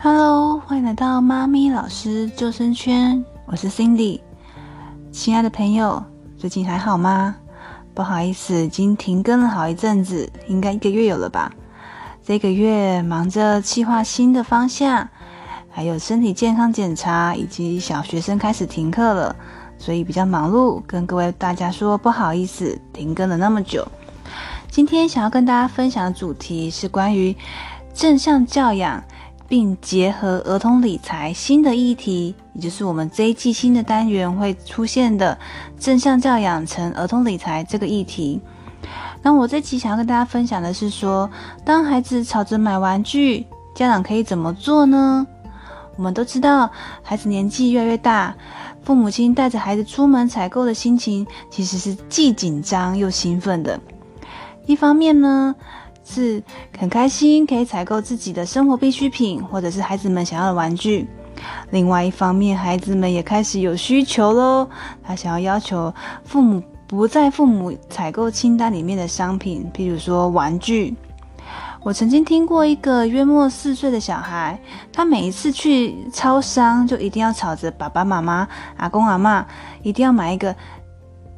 哈嘍，歡迎來到媽咪老師救生圈，我是 Cindy。親愛的朋友，最近還好嗎？不好意思，已經停更了好一陣子，應該一個月有了吧。這個月忙着計劃新的方向，還有身體健康檢查，以及小學生開始停課了，所以比較忙碌。跟各位大家說不好意思，停更了那麼久。今天想要跟大家分享的主題是關於正向教養。並結合兒童理財新的議題，也就是我們這一季新的單元會出現的正向教養、成兒童理財這個議題。那我這期想要跟大家分享的是說，當孩子吵着買玩具，家長可以怎麼做呢？我們都知道，孩子年紀越來越大，父母親帶着孩子出門採購的心情，其實是既緊張又興奮的。一方面呢。是很開心，可以採購自己的生活必需品，或者是孩子們想要的玩具。另外一方面，孩子們也開始有需求嘍，他想要要求父母不在父母採購清單裡面的商品，譬如說玩具。我曾經聽過一個約莫四歲的小孩，他每一次去超商就一定要吵着爸爸媽媽、阿公阿嬤，一定要買一個。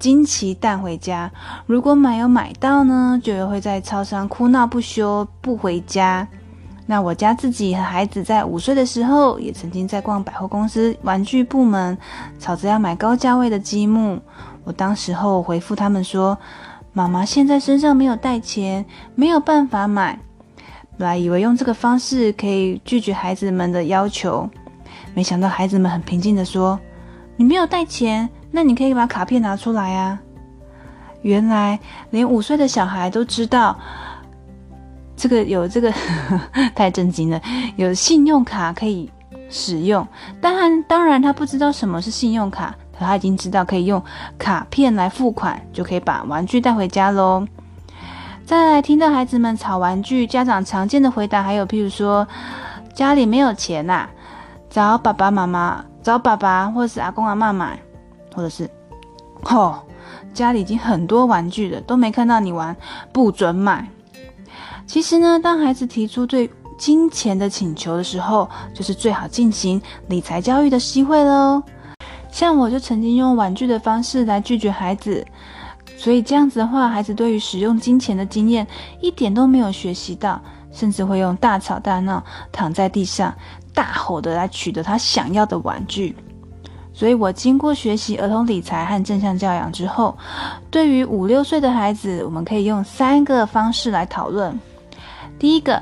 驚奇帶回家，如果沒有買到呢，就又會在超商哭鬧不休，不回家。那我家自己和孩子在五歲的時候，也曾經在逛百貨公司玩具部門，吵着要買高價位的積木。我當時候回復他們說，媽媽現在身上沒有帶錢，沒有辦法買。本來以為用這個方式可以拒絕孩子們的要求，沒想到孩子們很平靜的說，你沒有帶錢。那你可以把卡片拿出來啊！原來連五歲的小孩都知道，這個有這個呵呵，太震驚了，有信用卡可以使用。當然，當然他不知道什麼是信用卡，可他已經知道可以用卡片來付款，就可以把玩具帶回家嘍。再聽到孩子們吵玩具，家長常見的回答還有譬如說，家裡沒有錢啊，找爸爸媽媽，找爸爸或是阿公阿嬤買。或者是，吼、哦，家裡已經很多玩具了，都沒看到你玩，不准買。其實呢，當孩子提出對金錢的請求的時候，就是最好進行理財教育的機會嘍。像我就曾經用委婉的方式來拒絕孩子，所以這樣子的話，孩子對於使用金錢的經驗一點都沒有學習到，甚至會用大吵大鬧、躺在地上大吼的來取得他想要的玩具。所以我經過學習兒童理財和正向教養之後，對於五六歲的孩子，我們可以用三個方式來討論。第一個，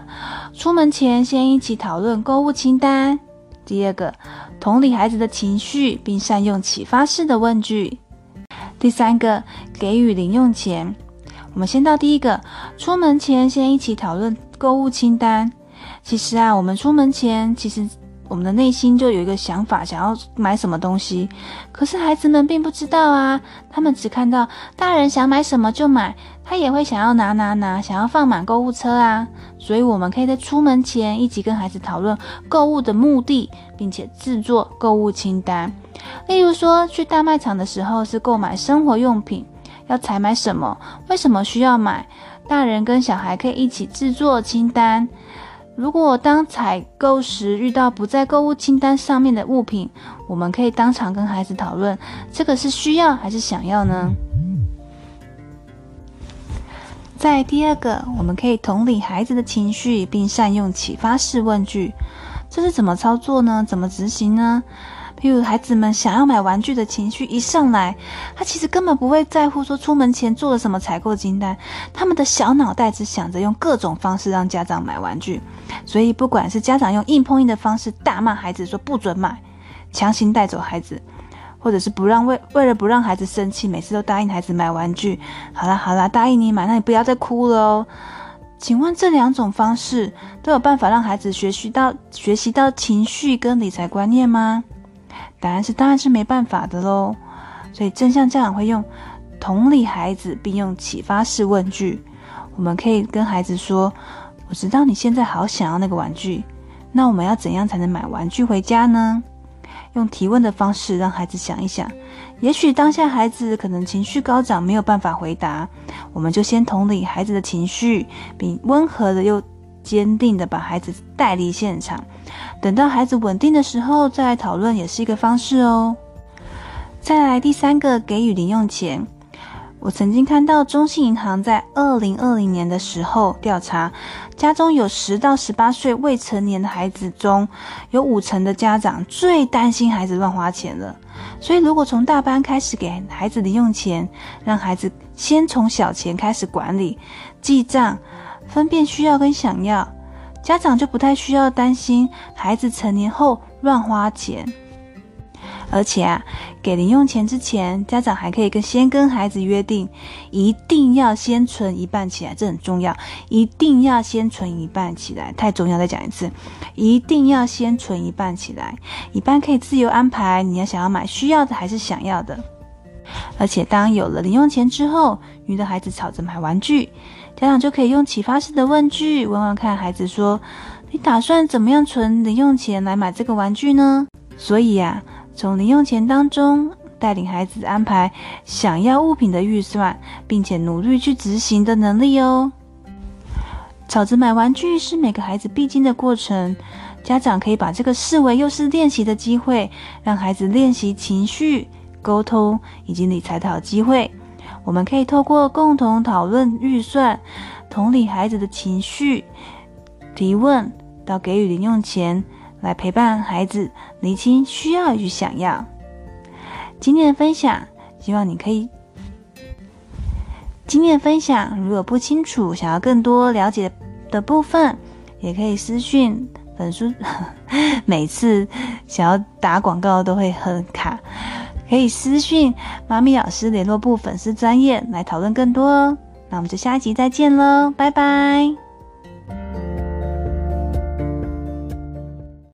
出門前先一起討論購物清單；第二個，同理孩子的情緒，並善用啟發式的問句；第三個，給予零用錢。我們先到第一個，出門前先一起討論購物清單。其實啊，我們出門前，其實……我們的內心就有一個想法，想要買什麼東西，可是孩子們並不知道啊，他們只看到大人想買什麼就買，他也會想要拿拿拿，想要放滿購物車啊。所以，我們可以在出門前一起跟孩子討論購物的目的，並且制作購物清單。例如說，去大賣場的時候是購買生活用品，要採買什麼，為什麼需要買，大人跟小孩可以一起制作清單。如果當採購時遇到不在購物清單上面的物品，我們可以當場跟孩子討論，這個是需要還是想要呢？在、嗯嗯、第二個，我們可以同理孩子的情緒，並善用啟發式問句，這是怎麼操作呢？怎麼執行呢？比如孩子們想要買玩具的情緒一上來，他其實根本不會在乎說出門前做了什麼採購清單。他們的小腦袋只想着用各種方式讓家長買玩具。所以不管是家長用硬碰硬的方式大罵孩子說不准買，強行帶走孩子，或者是不讓為為了不讓孩子生氣，每次都答應孩子買玩具。好啦好啦，答應你買，那你不要再哭了哦。請問這兩種方式都有辦法讓孩子學習到學習到情緒跟理財觀念嗎？答案是，當然是沒辦法的嘍。所以，正向家長會用同理孩子，並用啟發式問句。我們可以跟孩子說：“我知道你現在好想要那個玩具，那我們要怎樣才能買玩具回家呢？”用提問的方式讓孩子想一想。也許當下孩子可能情緒高漲，沒有辦法回答。我們就先同理孩子的情緒，並溫和的又。堅定的把孩子帶離現場，等到孩子穩定的時候再來討論，也是一個方式哦。再來第三個，給予零用錢。我曾經看到中信銀行在二零二零年的時候調查，家中有十到十八歲未成年的孩子中，有五成的家長最擔心孩子亂花錢了。所以，如果從大班開始給孩子零用錢，讓孩子先從小錢開始管理、記賬。分辨需要跟想要，家長就不太需要擔心孩子成年後亂花錢。而且啊，給零用錢之前，家長還可以跟先跟孩子約定，一定要先存一半起來，這很重要。一定要先存一半起來，太重要，再講一次，一定要先存一半起來。一半可以自由安排，你要想要買需要的還是想要的。而且，當有了零用錢之後，遇到孩子吵着買玩具，家長就可以用啟發式的問句問問看孩子說：“你打算怎麼樣存零用錢來買這個玩具呢？”所以呀、啊，從零用錢當中帶領孩子安排想要物品的預算，並且努力去執行的能力哦。吵着買玩具是每個孩子必經的過程，家長可以把這個視為又是練習的機會，讓孩子練習情緒，溝通以及理財的好機會，我們可以透過共同討論預算、同理孩子的情緒、提問到給予零用錢，來陪伴孩子釐清需要與想要。今天的分享，希望你可以。今天的分享，如果不清楚，想要更多了解的部分，也可以私訊本書。每次想要打廣告都會很卡。可以私訊媽咪老師聯絡簿粉絲專頁來討論更多哦。那我們就下一集再見嘍，拜拜。